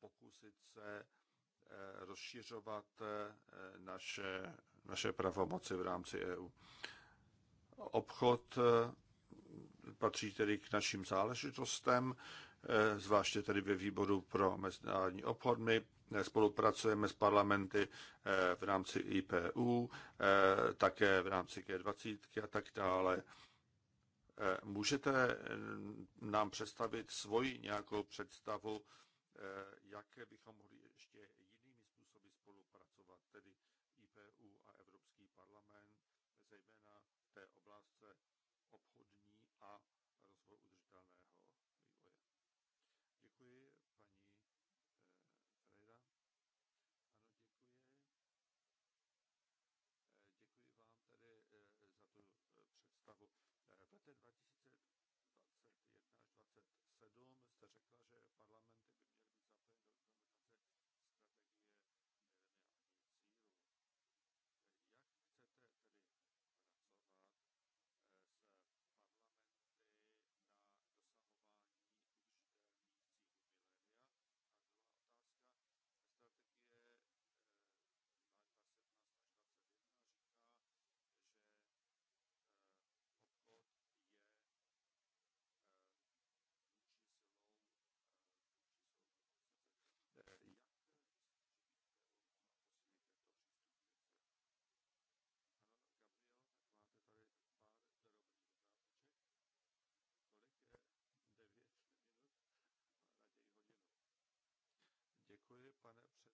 pokusit se eh, rozšiřovat eh, naše, naše pravomoci v rámci EU. Obchod eh, patří tedy k našim záležitostem, zvláště tedy ve výboru pro mezinárodní obchod. My spolupracujeme s parlamenty v rámci IPU, také v rámci G20 a tak dále. Můžete nám představit svoji nějakou představu Eh, jak bychom mohli pane předsedo.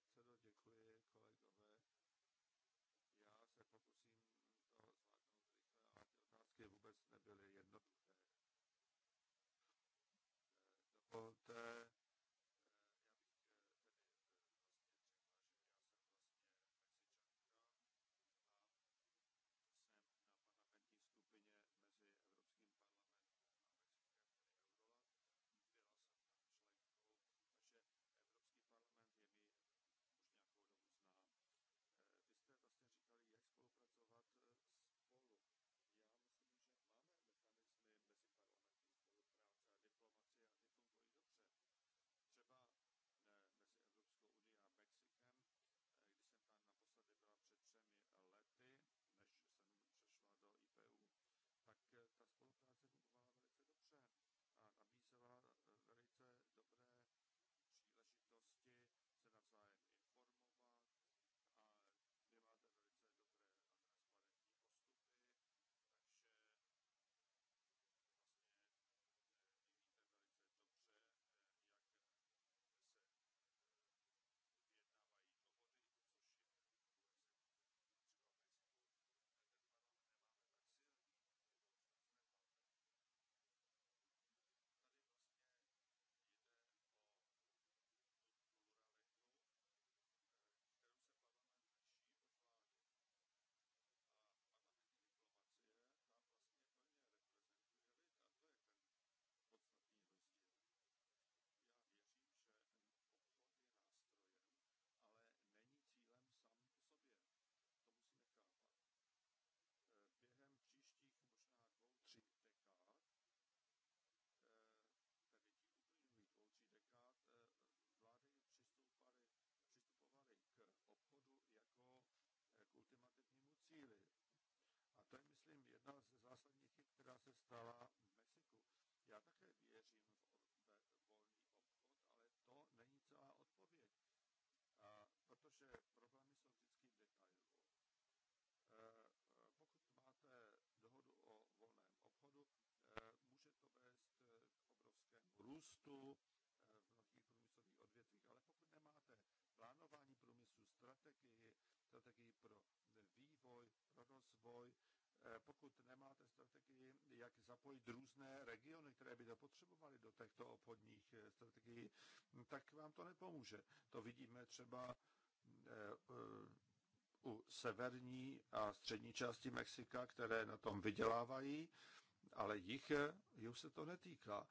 růstu eh, v mnohých průmyslových odvětvích. Ale pokud nemáte plánování průmyslu, strategii, strategii pro vývoj, pro rozvoj, eh, pokud nemáte strategii, jak zapojit různé regiony, které by potřebovaly do těchto obchodních eh, strategií, tak vám to nepomůže. To vidíme třeba u severní a střední části Mexika, které na tom vydělávají, ale jich, jich se to netýká.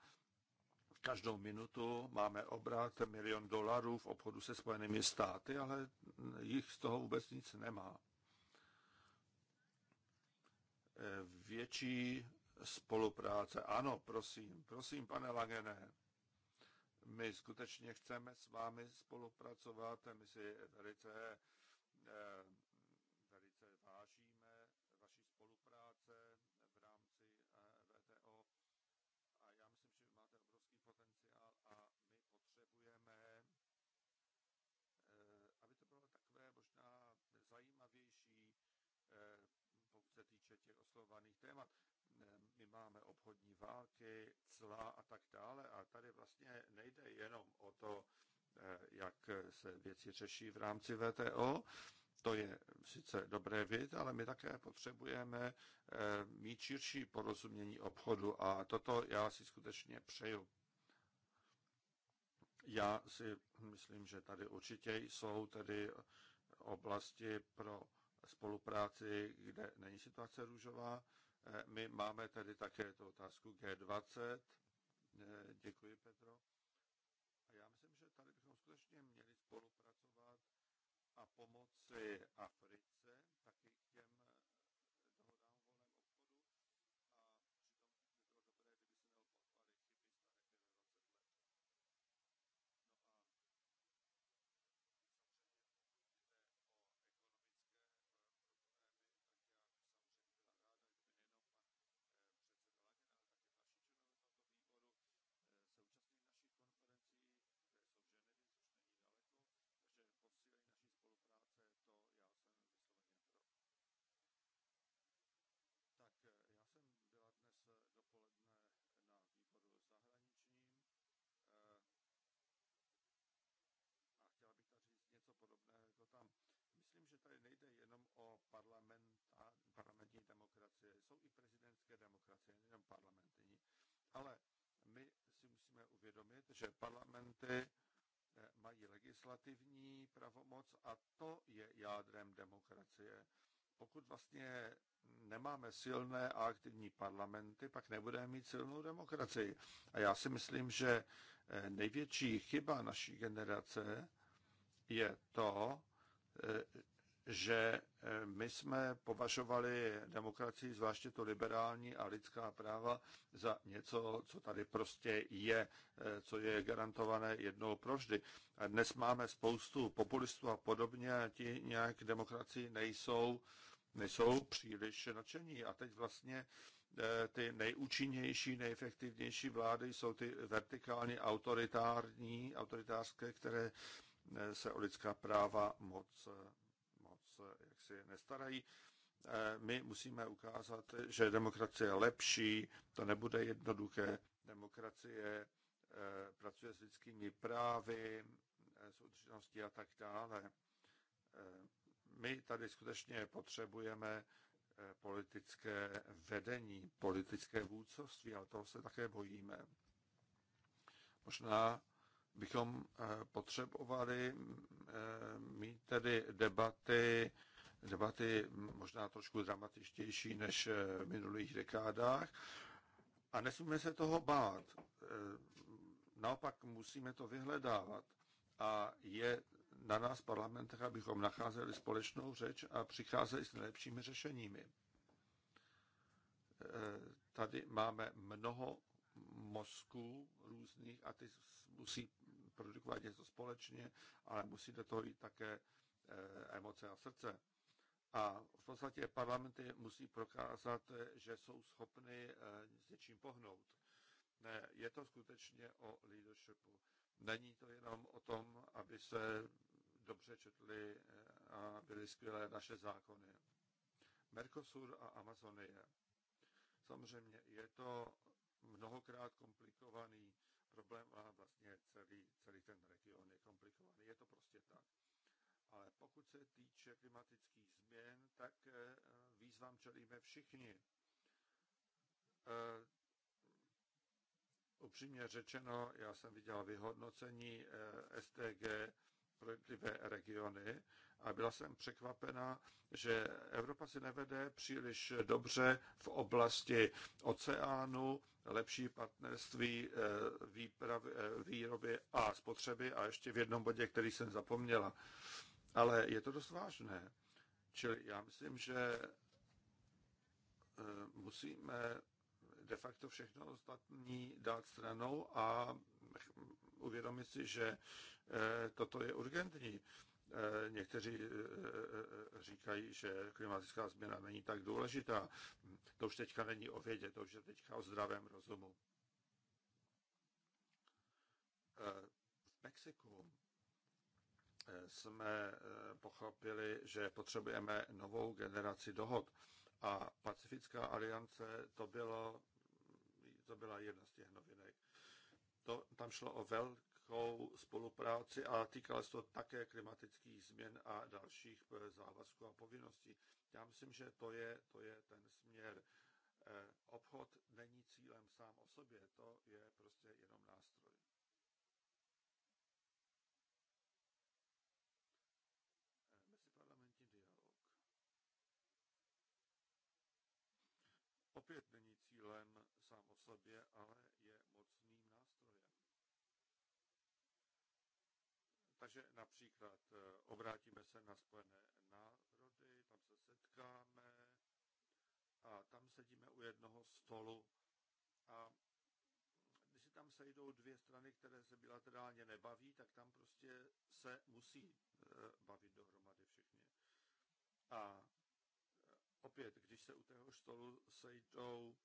Každou minutu máme obrat milion dolarů v obchodu se Spojenými státy, ale jich z toho vůbec nic nemá. Eh, větší spolupráce. Ano, prosím, prosím, pane Lagené. My skutečně chceme s vámi spolupracovat, my si velice eh, máme obchodní války, cla a tak dále. A tady vlastně nejde jenom o to, eh, jak se věci řeší v rámci VTO. To je sice dobré věc, ale my také potřebujeme eh, mít širší porozumění obchodu a toto já si skutečně přeju. Já si myslím, že tady určitě jsou tedy oblasti pro spolupráci, kde není situace růžová, Eh, my máme tady také tu otázku G20. Eh, děkuji, Petro. A já myslím, že tady bychom skutečně měli spolupracovat a pomoci Africe, taky k těm ovšem parlamentní. Ale my si musíme uvědomit, že parlamenty eh, mají legislativní pravomoc a to je jádrem demokracie. Pokud vlastně nemáme silné a aktivní parlamenty, pak nebudeme mít silnou demokracii. A já si myslím, že eh, největší chyba naší generace je to, eh, že Eh, my jsme považovali demokracii, zvláště to liberální a lidská práva, za něco, co tady prostě je, eh, co je garantované jednou proždy. A dnes máme spoustu populistů a podobně, a ti nějak demokracii nejsou, nejsou příliš nadšení. A teď vlastně eh, ty nejúčinnější, nejefektivnější vlády jsou ty vertikálně autoritární, autoritářské, které se o lidská práva moc, moc jaksi nestarají. Eh, my musíme ukázat, že demokracie je lepší, to nebude jednoduché. Demokracie eh, pracuje s lidskými právy, eh, s a tak dále. My tady skutečně potřebujeme politické vedení, politické vůdcovství, ale toho se také bojíme. Možná bychom potřebovali mít tedy debaty debaty možná trošku dramatičtější než eh, v minulých dekádách. A nesmíme se toho bát. Eh, naopak musíme to vyhledávat. A je na nás parlamentech, abychom nacházeli společnou řeč a přicházeli s nejlepšími řešeními. Eh, tady máme mnoho mozků různých a ty musí produkovat něco společně, ale musí do toho jít také emoce a srdce. A v podstatě parlamenty musí prokázat, že jsou schopny eh, s něčím pohnout. Ne, je to skutečně o leadershipu. Není to jenom o tom, aby se dobře četli eh, a byly skvělé naše zákony. Mercosur a Amazonie. Samozřejmě je to mnohokrát komplikovaný problém a vlastně celý, celý ten region je komplikovaný. Je to prostě tak ale pokud se týče klimatických změn, tak eh, výzvám čelíme všichni. Eh, upřímně řečeno, já jsem viděl vyhodnocení eh, STG pro jednotlivé regiony a byla jsem překvapena, že Evropa si nevede příliš dobře v oblasti oceánu, lepší partnerství výroby a spotřeby a ještě v jednom bodě, který jsem zapomněla. Ale je to dost vážné. Čili já myslím, že eh, musíme de facto všechno ostatní dát stranou a uvědomit si, že eh, toto je urgentní. Eh, někteří říkají, že klimatická změna není tak důležitá. To už teďka není o vědě, to už je teďka o zdravém rozumu. V Mexiku jsme eh, pochopili, že potřebujeme novou generaci dohod. A Pacifická aliance to, bylo, to byla jedna z těch novinek. To, tam šlo o velkou spolupráci a týkalo se to také klimatických změn a dalších eh, závazků a povinností. Já myslím, že to je, to je ten směr. Eh, obchod není cílem sám o sobě, to je prostě jenom nástroj. Takže například eh, obrátíme se na Spojené národy, tam se setkáme a tam sedíme u jednoho stolu a když se tam sejdou dvě strany, které se bilaterálně nebaví, tak tam prostě se musí eh, bavit dohromady všichni. A eh, opět, když se u tého stolu sejdou,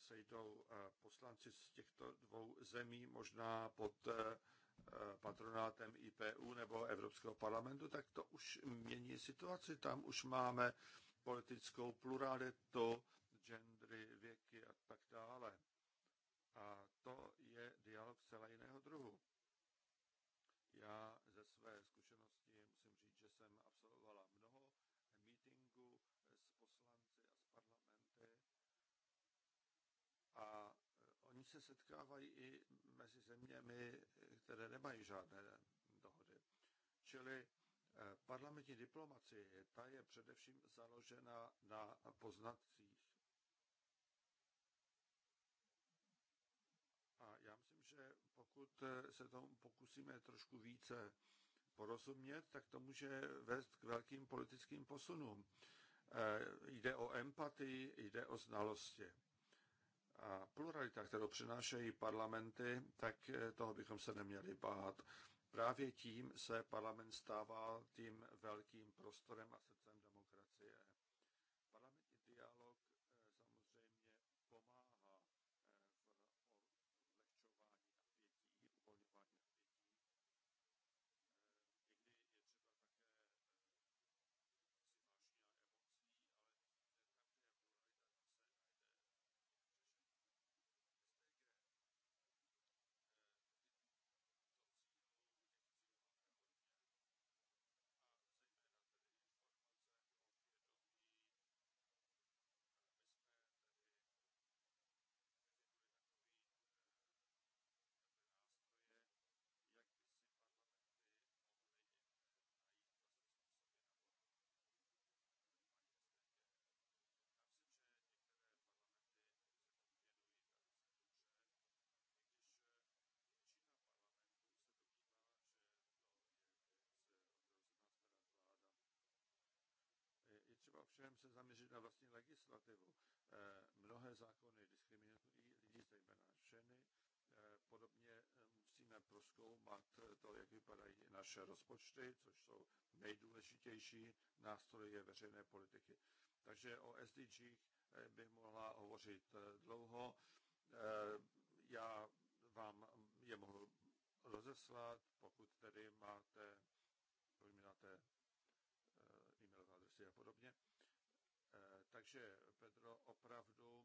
sejdou poslanci z těchto dvou zemí, možná pod Eh, patronátem IPU nebo Evropského parlamentu, tak to už mění situaci. Tam už máme politickou pluralitu, gendry, věky a tak dále. A to je dialog celé jiného druhu. Já ze své zkušenosti musím říct, že jsem absolvovala mnoho meetingů s poslanci a s parlamenty a eh, oni se setkávají i mezi zeměmi které nemají žádné dohody. Čili eh, parlamentní diplomacie, ta je především založena na poznatcích. A já myslím, že pokud eh, se tomu pokusíme trošku více porozumět, tak to může vést k velkým politickým posunům. Eh, jde o empatii, jde o znalosti a pluralita, kterou přinášejí parlamenty, tak eh, toho bychom se neměli bát. Právě tím se parlament stává tím velkým prostorem a srdcem demokracie. Parlamentní dialog eh, samozřejmě pomáhá zaměřit na vlastní legislativu. Eh, mnohé zákony diskriminují lidi, zejména ženy. Eh, podobně eh, musíme proskoumat to, jak vypadají naše rozpočty, což jsou nejdůležitější nástroje veřejné politiky. Takže o SDG bych mohla hovořit dlouho. Já vám je mohu rozeslat, pokud tedy máte, pokud máte Takže Pedro opravdu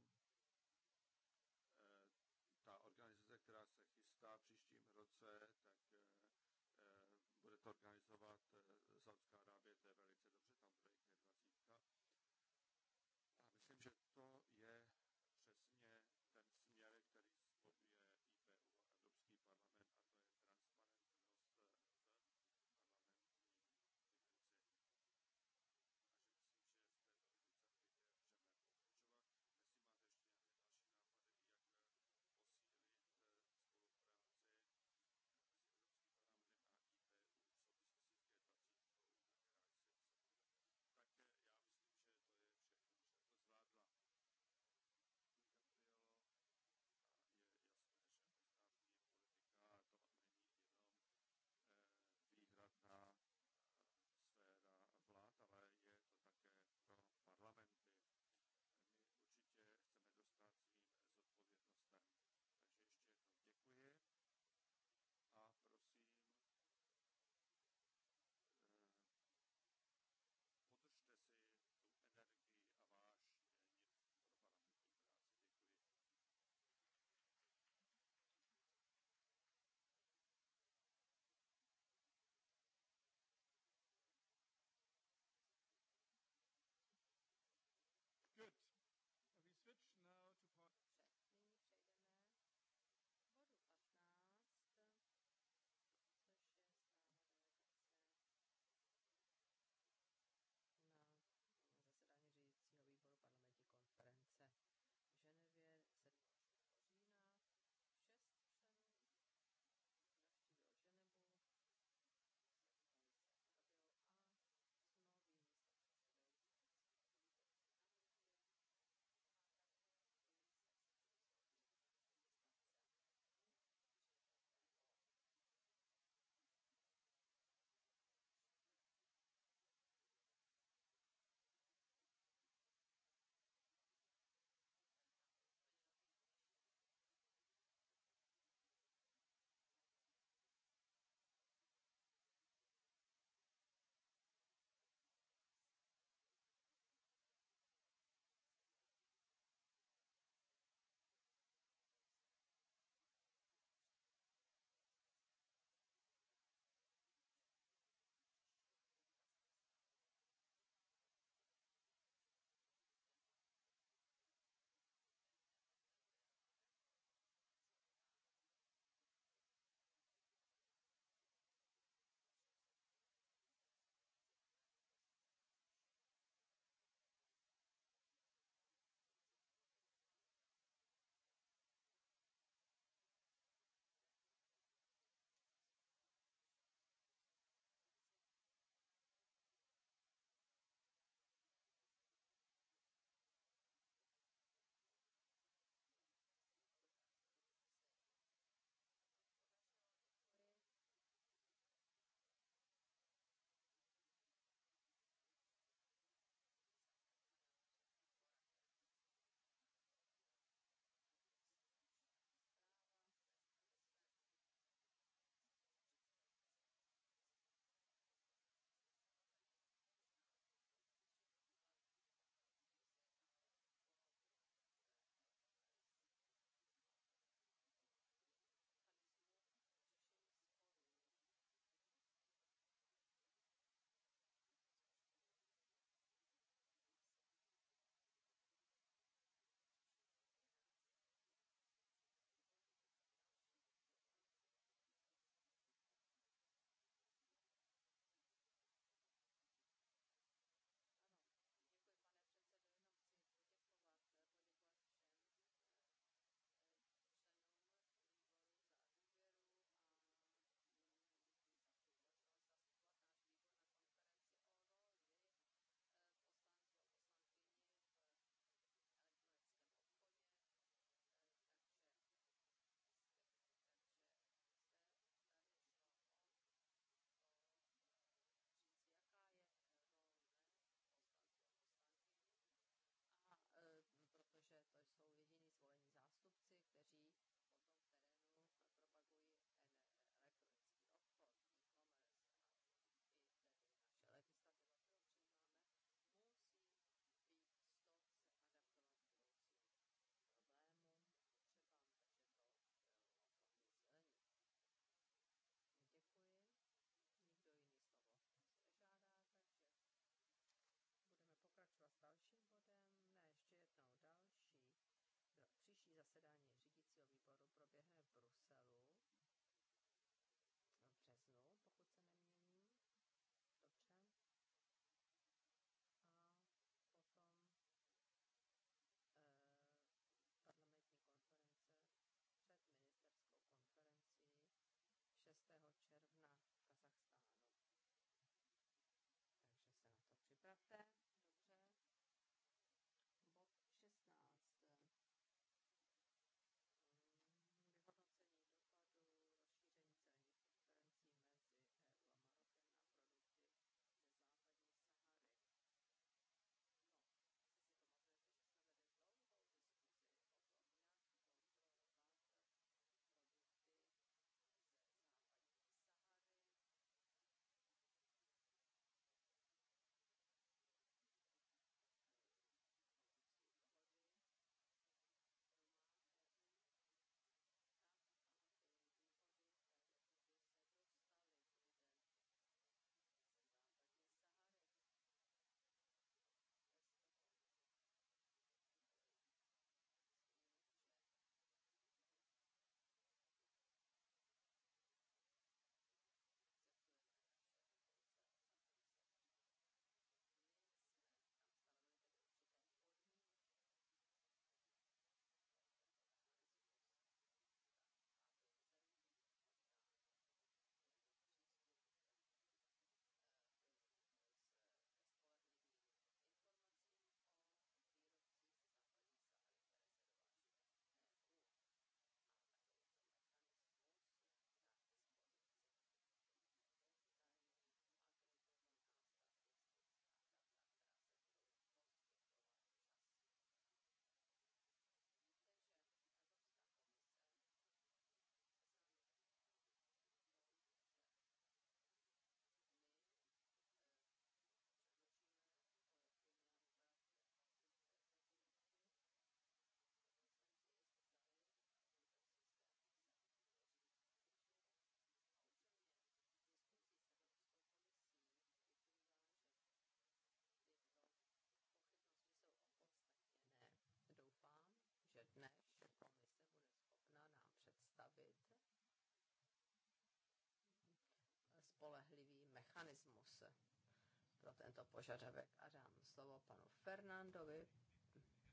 tento požadavek a dám slovo panu Fernandovi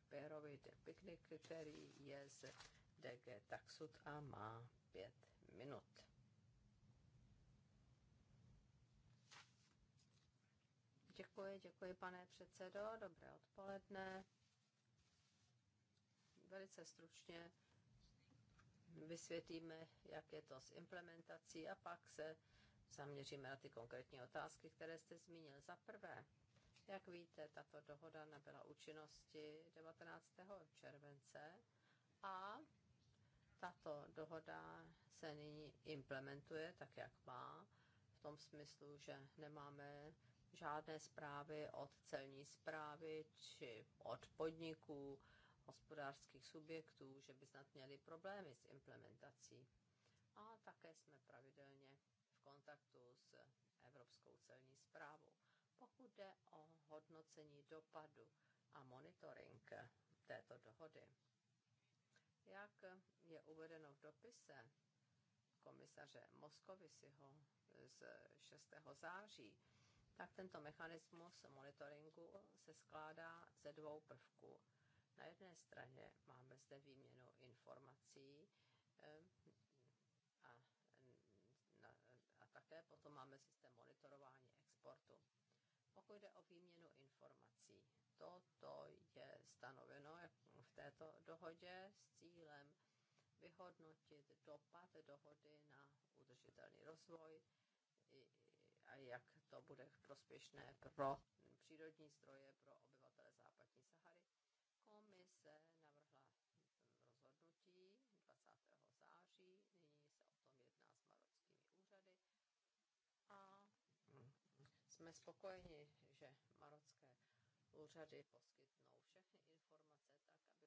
Pérovi de Piknik, který je z DG Taxud a má pět minut. Děkuji, děkuji pane předsedo, dobré odpoledne. Velice stručně vysvětlíme, jak je to s implementací a pak se zaměříme na ty konkrétní otázky, které jste zmínil. Za prvé, jak víte, tato dohoda nabyla účinnosti 19. července a tato dohoda se nyní implementuje tak, jak má, v tom smyslu, že nemáme žádné zprávy od celní zprávy či od podniků, hospodářských subjektů, že by snad měli problémy s implementací. A také jsme pravidelně kontaktu s Evropskou celní zprávou, pokud jde o hodnocení dopadu a monitoring této dohody. Jak je uvedeno v dopise komisaře Moskovisiho z 6. září, tak tento mechanismus monitoringu se skládá ze dvou prvků. Na jedné straně máme zde výměnu informací Potom máme systém monitorování exportu. Pokud jde o výměnu informací, toto je stanoveno v této dohodě s cílem vyhodnotit dopad dohody na udržitelný rozvoj a jak to bude prospěšné pro přírodní zdroje, pro obyvatelstvo jsme spokojeni, že marocké úřady poskytnou všechny informace tak, abychom byli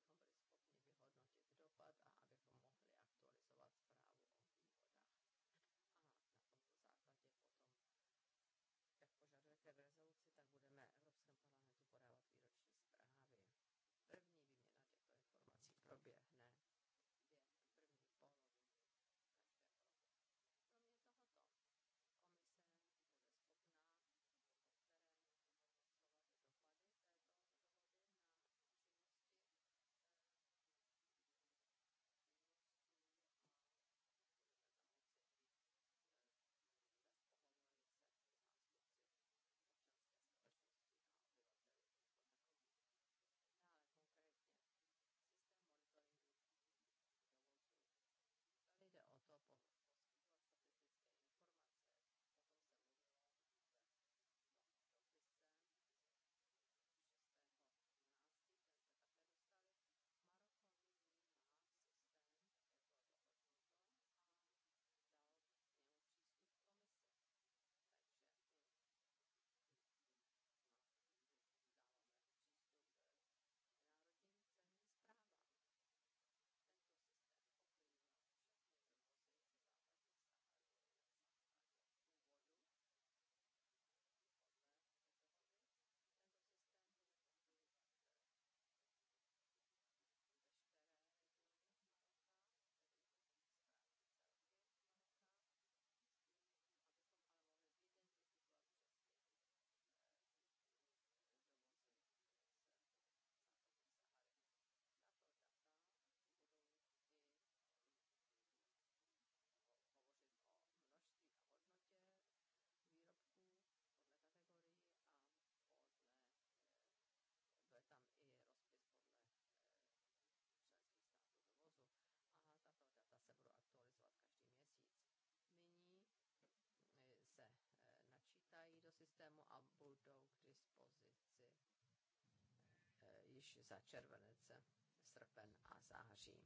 již za červenec, srpen a září.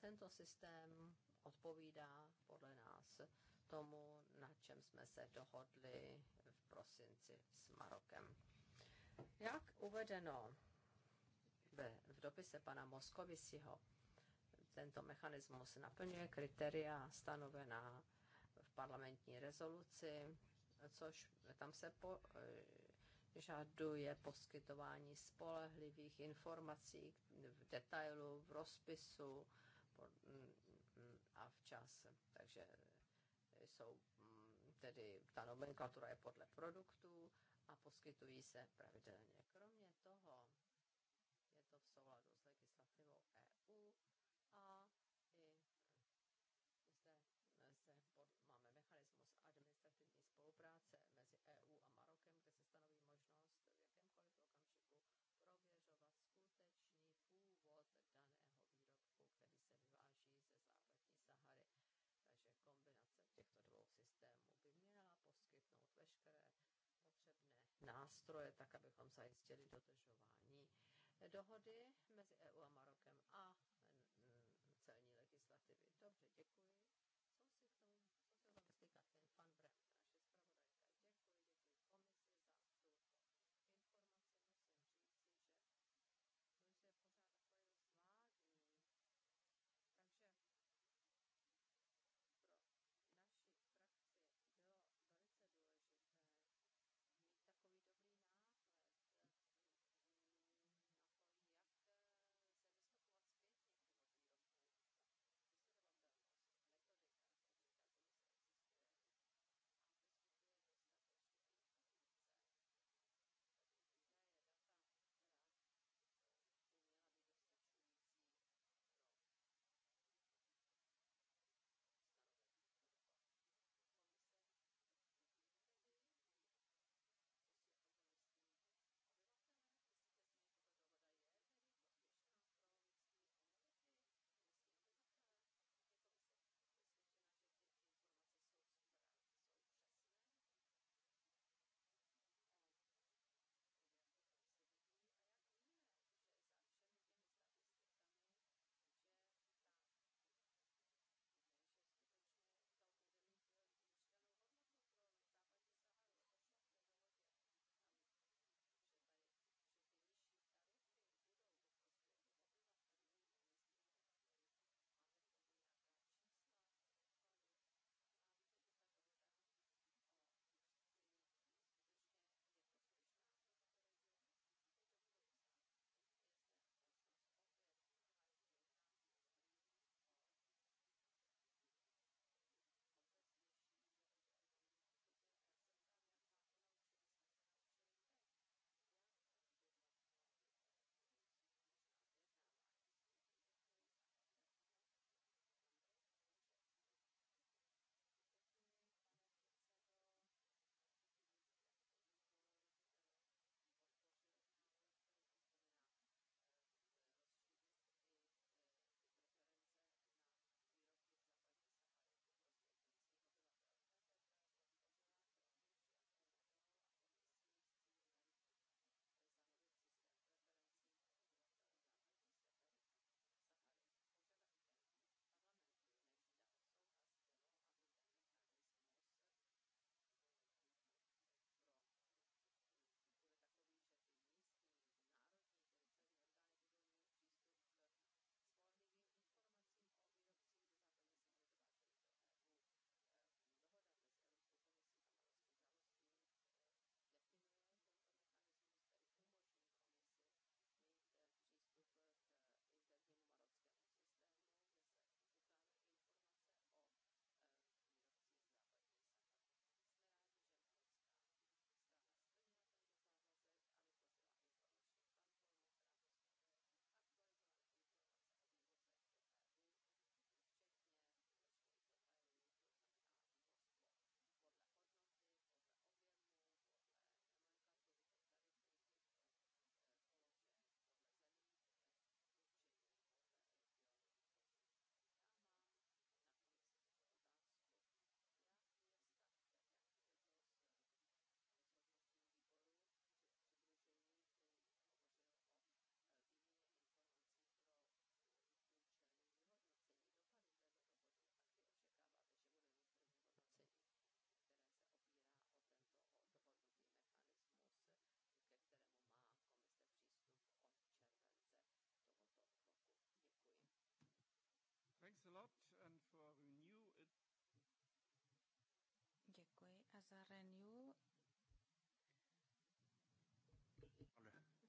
Tento systém odpovídá podle nás tomu, na čem jsme se dohodli v prosinci s Marokem. Jak uvedeno ve, v dopise pana Moskovisiho, tento mechanismus naplňuje kritéria stanovená v parlamentní rezoluci, což tam se po, je poskytování spolehlivých informací v detailu, v rozpisu a v čase. Takže jsou mm, tedy ta nomenklatura je podle produktů a poskytují se pravidelně. Kromě toho nástroje, tak abychom zajistili dodržování dohody mezi EU a Marokem. A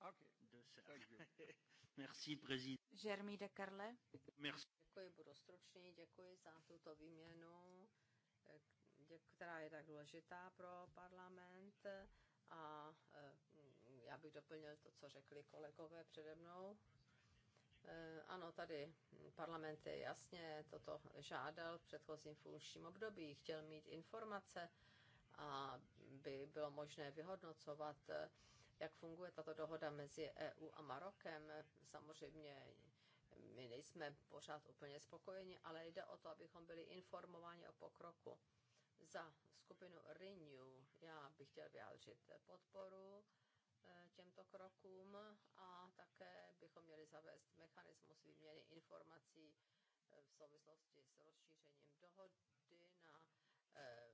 Merci, président. Jeremy de Carle. Merci. Děkuji, budu stručný, děkuji za tuto výměnu, eh, která je tak důležitá pro parlament. A eh, já bych doplnil to, co řekli kolegové přede mnou. Eh, ano, tady parlament je jasně toto žádal v předchozím funkčním období, chtěl mít informace, aby bylo možné vyhodnocovat jak funguje tato dohoda mezi EU a Marokem. Samozřejmě my nejsme pořád úplně spokojeni, ale jde o to, abychom byli informováni o pokroku. Za skupinu Renew já bych chtěl vyjádřit podporu e, těmto krokům a také bychom měli zavést mechanismus výměny informací e, v souvislosti s rozšířením dohody na e,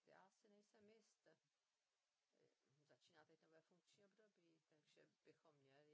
já si nejsem jist. Eh, začíná teď nové funkční období, takže bychom měli